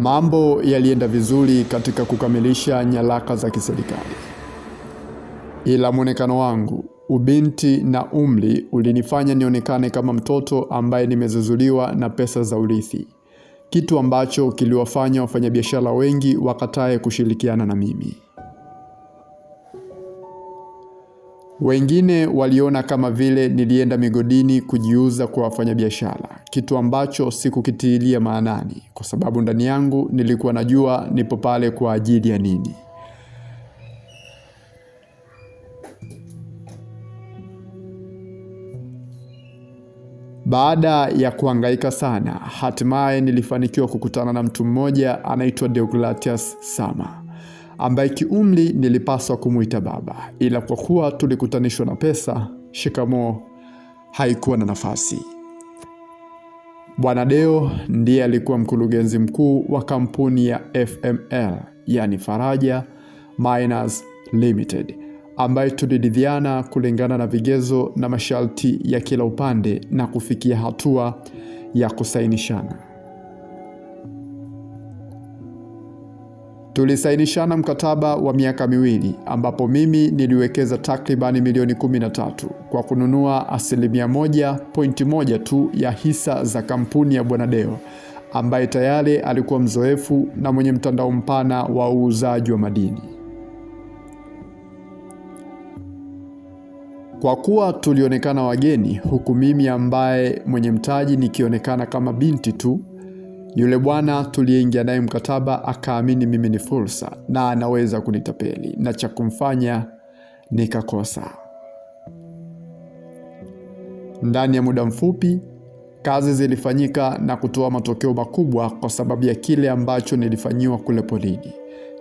Mambo yalienda vizuri katika kukamilisha nyaraka za kiserikali, ila mwonekano wangu, ubinti na umri ulinifanya nionekane kama mtoto ambaye nimezuzuliwa na pesa za urithi, kitu ambacho kiliwafanya wafanyabiashara wengi wakatae kushirikiana na mimi. Wengine waliona kama vile nilienda migodini kujiuza kwa wafanyabiashara, kitu ambacho sikukitilia maanani kwa sababu ndani yangu nilikuwa najua nipo pale kwa ajili ya nini. Baada ya kuhangaika sana, hatimaye nilifanikiwa kukutana na mtu mmoja anaitwa Deogratias Sama ambaye kiumri nilipaswa kumwita baba, ila kwa kuwa tulikutanishwa na pesa, shikamo haikuwa na nafasi. Bwana Deo ndiye alikuwa mkurugenzi mkuu wa kampuni ya FML, yani Faraja Miners Limited, ambaye tuliridhiana kulingana na vigezo na masharti ya kila upande na kufikia hatua ya kusainishana. Tulisainishana mkataba wa miaka miwili ambapo mimi niliwekeza takribani milioni tatu kwa kununua asilimia moja pointi moja tu ya hisa za kampuni ya Bwana Deo ambaye tayari alikuwa mzoefu na mwenye mtandao mpana wa uuzaji wa madini. Kwa kuwa tulionekana wageni, huku mimi ambaye mwenye mtaji nikionekana kama binti tu yule bwana tuliyeingia naye mkataba akaamini mimi ni fursa na anaweza kunitapeli na cha kumfanya nikakosa. Ndani ya muda mfupi kazi zilifanyika na kutoa matokeo makubwa kwa sababu ya kile ambacho nilifanyiwa kule polini.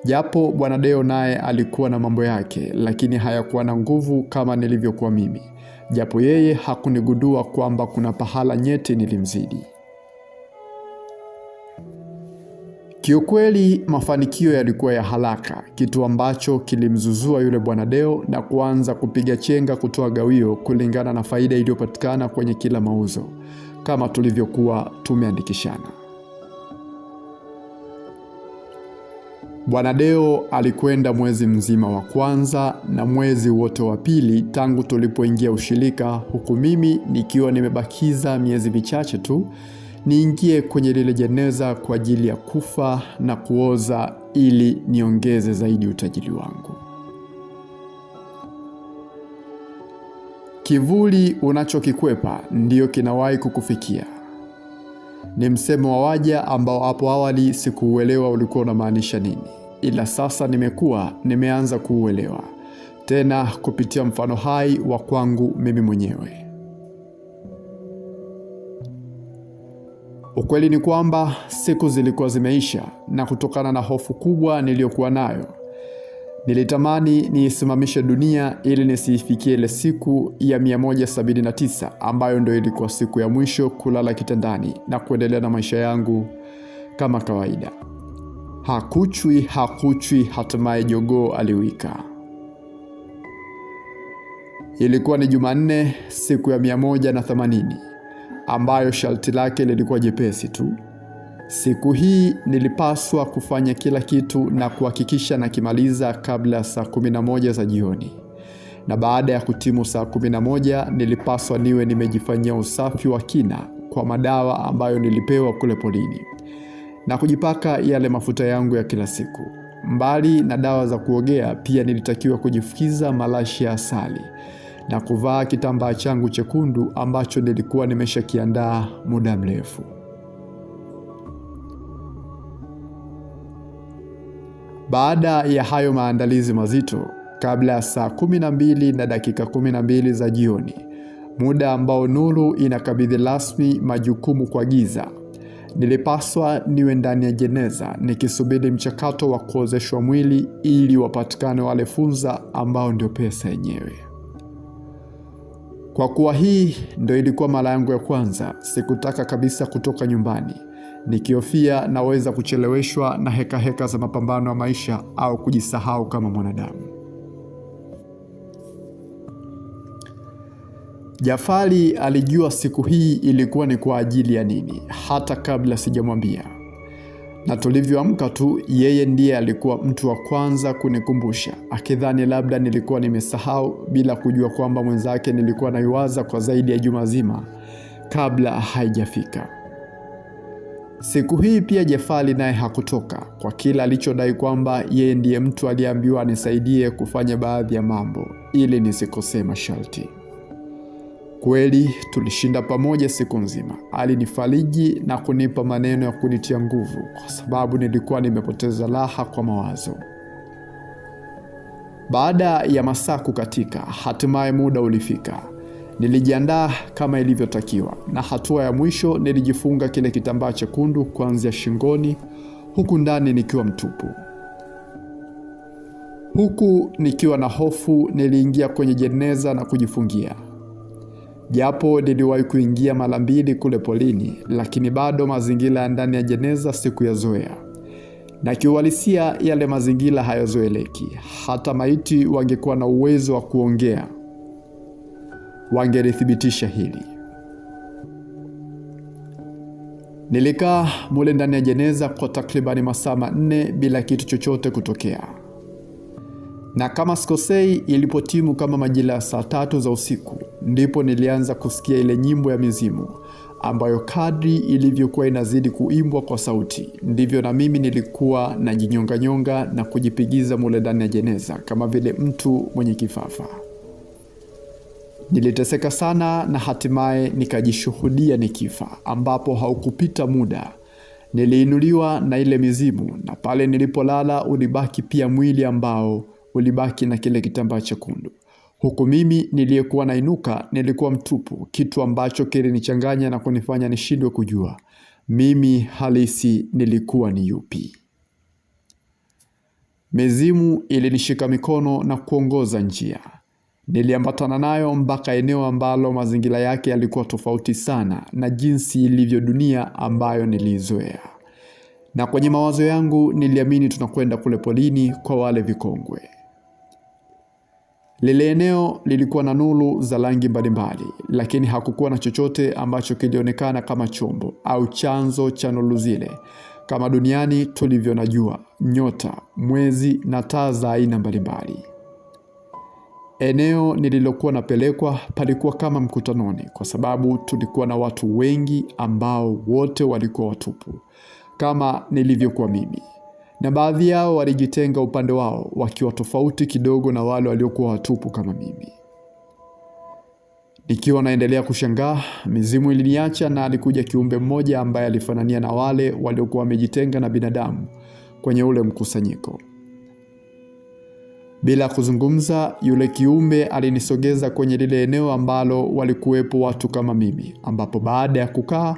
Japo bwana Deo naye alikuwa na mambo yake, lakini hayakuwa na nguvu kama nilivyokuwa mimi, japo yeye hakunigundua kwamba kuna pahala nyeti nilimzidi. Kiukweli mafanikio yalikuwa ya haraka, kitu ambacho kilimzuzua yule bwana Deo na kuanza kupiga chenga kutoa gawio kulingana na faida iliyopatikana kwenye kila mauzo kama tulivyokuwa tumeandikishana. Bwana Deo alikwenda mwezi mzima wa kwanza na mwezi wote wa pili tangu tulipoingia ushirika, huku mimi nikiwa nimebakiza miezi michache tu niingie kwenye lile jeneza kwa ajili ya kufa na kuoza ili niongeze zaidi utajiri wangu. Kivuli unachokikwepa ndiyo kinawahi kukufikia. Ni msemo wa waja ambao hapo awali sikuuelewa ulikuwa unamaanisha nini, ila sasa nimekuwa nimeanza kuuelewa tena kupitia mfano hai wa kwangu mimi mwenyewe. Ukweli ni kwamba siku zilikuwa zimeisha, na kutokana na hofu kubwa niliyokuwa nayo, nilitamani niisimamishe dunia ili nisiifikie ile siku ya 179 ambayo ndio ilikuwa siku ya mwisho kulala kitandani na kuendelea na maisha yangu kama kawaida. Hakuchwi, hakuchwi, hatimaye jogoo aliwika. Ilikuwa ni Jumanne, siku ya 180 ambayo sharti lake lilikuwa jepesi tu. Siku hii nilipaswa kufanya kila kitu na kuhakikisha nakimaliza kabla saa 11 za jioni, na baada ya kutimu saa 11 nilipaswa niwe nimejifanyia usafi wa kina kwa madawa ambayo nilipewa kule polini na kujipaka yale mafuta yangu ya kila siku. Mbali na dawa za kuogea, pia nilitakiwa kujifukiza malashi ya asali na kuvaa kitambaa changu chekundu ambacho nilikuwa nimeshakiandaa muda mrefu. Baada ya hayo maandalizi mazito, kabla ya saa kumi na mbili na dakika kumi na mbili za jioni, muda ambao nuru inakabidhi rasmi majukumu kwa giza, nilipaswa niwe ndani ya jeneza nikisubiri mchakato wa kuozeshwa mwili ili wapatikane wale funza ambao ndio pesa yenyewe. Kwa kuwa hii ndo ilikuwa mara yangu ya kwanza, sikutaka kabisa kutoka nyumbani nikihofia naweza kucheleweshwa na hekaheka heka za mapambano ya maisha au kujisahau kama mwanadamu. Jafari alijua siku hii ilikuwa ni kwa ajili ya nini hata kabla sijamwambia na tulivyoamka tu, yeye ndiye alikuwa mtu wa kwanza kunikumbusha, akidhani labda nilikuwa nimesahau, bila kujua kwamba mwenzake nilikuwa naiwaza kwa zaidi ya juma zima kabla haijafika. Siku hii pia Jefali naye hakutoka kwa kila alichodai kwamba yeye ndiye mtu aliyeambiwa anisaidie kufanya baadhi ya mambo ili nisikosee masharti. Kweli tulishinda pamoja siku nzima. Alinifariji na kunipa maneno ya kunitia nguvu, kwa sababu nilikuwa nimepoteza raha kwa mawazo. Baada ya masaa kukatika, hatimaye muda ulifika. Nilijiandaa kama ilivyotakiwa, na hatua ya mwisho nilijifunga kile kitambaa chekundu kuanzia shingoni, huku ndani nikiwa mtupu. Huku nikiwa na hofu, niliingia kwenye jeneza na kujifungia. Japo niliwahi kuingia mara mbili kule polini, lakini bado mazingira ya ndani ya jeneza sikuyazoea, na kiuhalisia yale mazingira hayazoeleki. Hata maiti wangekuwa na uwezo wa kuongea wangelithibitisha hili. Nilikaa mule ndani ya jeneza kwa takribani masaa manne bila kitu chochote kutokea na kama sikosei, ilipotimu kama majira ya saa tatu za usiku, ndipo nilianza kusikia ile nyimbo ya mizimu ambayo kadri ilivyokuwa inazidi kuimbwa kwa sauti, ndivyo na mimi nilikuwa najinyonganyonga na kujipigiza mule ndani ya jeneza kama vile mtu mwenye kifafa. Niliteseka sana na hatimaye nikajishuhudia nikifa, ambapo haukupita muda niliinuliwa na ile mizimu, na pale nilipolala ulibaki pia mwili ambao ulibaki na kile kitambaa chekundu, huku mimi niliyekuwa nainuka nilikuwa mtupu, kitu ambacho kilinichanganya na kunifanya nishindwe kujua mimi halisi nilikuwa ni yupi. Mizimu ilinishika mikono na kuongoza njia. Niliambatana nayo mpaka eneo ambalo mazingira yake yalikuwa tofauti sana na jinsi ilivyo dunia ambayo nilizoea, na kwenye mawazo yangu niliamini tunakwenda kule polini kwa wale vikongwe. Lile eneo lilikuwa na nuru za rangi mbalimbali, lakini hakukuwa na chochote ambacho kilionekana kama chombo au chanzo cha nuru zile kama duniani tulivyo na jua, nyota, mwezi na taa za aina mbalimbali. Eneo nililokuwa napelekwa palikuwa kama mkutanoni, kwa sababu tulikuwa na watu wengi ambao wote walikuwa watupu kama nilivyokuwa mimi na baadhi yao walijitenga upande wao, wakiwa tofauti kidogo na wale waliokuwa watupu kama mimi. Nikiwa naendelea kushangaa, mizimu iliniacha na alikuja kiumbe mmoja ambaye alifanania na wale waliokuwa wamejitenga na binadamu kwenye ule mkusanyiko. Bila kuzungumza, yule kiumbe alinisogeza kwenye lile eneo ambalo walikuwepo watu kama mimi, ambapo baada ya kukaa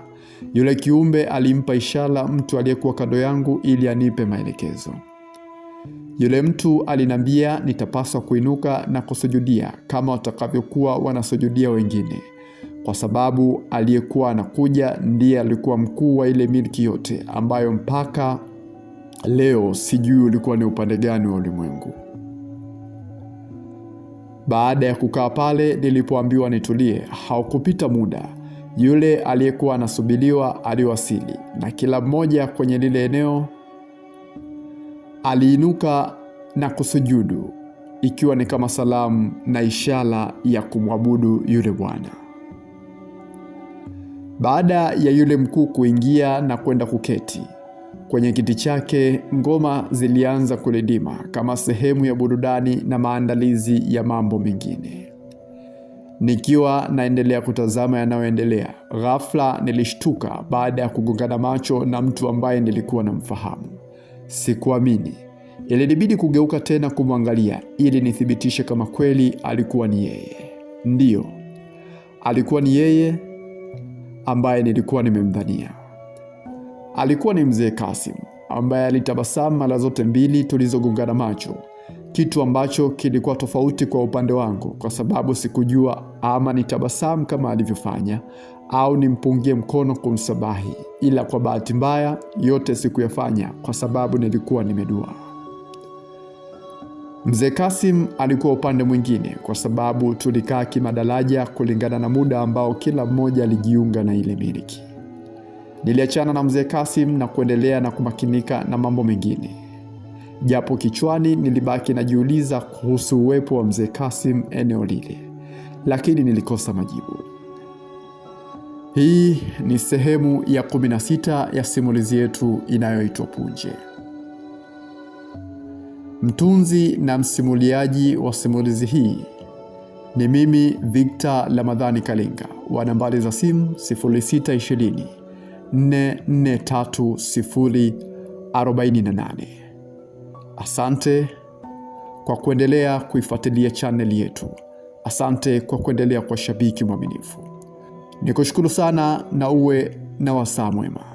yule kiumbe alimpa ishara mtu aliyekuwa kando yangu ili anipe maelekezo. Yule mtu alinambia, nitapaswa kuinuka na kusujudia kama watakavyokuwa wanasujudia wengine, kwa sababu aliyekuwa anakuja ndiye alikuwa mkuu wa ile milki yote, ambayo mpaka leo sijui ulikuwa ni upande gani wa ulimwengu. Baada ya kukaa pale nilipoambiwa nitulie, haukupita muda yule aliyekuwa anasubiriwa aliwasili, na kila mmoja kwenye lile eneo aliinuka na kusujudu, ikiwa ni kama salamu na ishara ya kumwabudu yule Bwana. Baada ya yule mkuu kuingia na kwenda kuketi kwenye kiti chake, ngoma zilianza kuridima kama sehemu ya burudani na maandalizi ya mambo mengine. Nikiwa naendelea kutazama yanayoendelea, ghafla nilishtuka baada ya kugongana macho na mtu ambaye nilikuwa namfahamu. Sikuamini, ilinibidi kugeuka tena kumwangalia ili nithibitishe kama kweli alikuwa ni yeye. Ndiyo, alikuwa ni yeye ambaye nilikuwa nimemdhania. Alikuwa ni mzee Kasim ambaye alitabasamu mara zote mbili tulizogongana macho kitu ambacho kilikuwa tofauti kwa upande wangu, kwa sababu sikujua ama nitabasamu kama alivyofanya au nimpungie mkono kumsabahi, ila kwa bahati mbaya yote sikuyafanya kwa sababu nilikuwa nimedua. Mzee Kasim alikuwa upande mwingine, kwa sababu tulikaa kimadaraja kulingana na muda ambao kila mmoja alijiunga na ile miliki. Niliachana na mzee Kasim na kuendelea na kumakinika na mambo mengine japo kichwani nilibaki najiuliza kuhusu uwepo wa mzee Kasim eneo lile, lakini nilikosa majibu. Hii ni sehemu ya 16 ya simulizi yetu inayoitwa Punje. Mtunzi na msimuliaji wa simulizi hii ni mimi Victor Ramadhani Kalinga wa nambari za simu 0620 443 048. Asante kwa kuendelea kuifuatilia chaneli yetu. Asante kwa kuendelea kwa shabiki mwaminifu. Nikushukuru sana na uwe na wasaa mwema.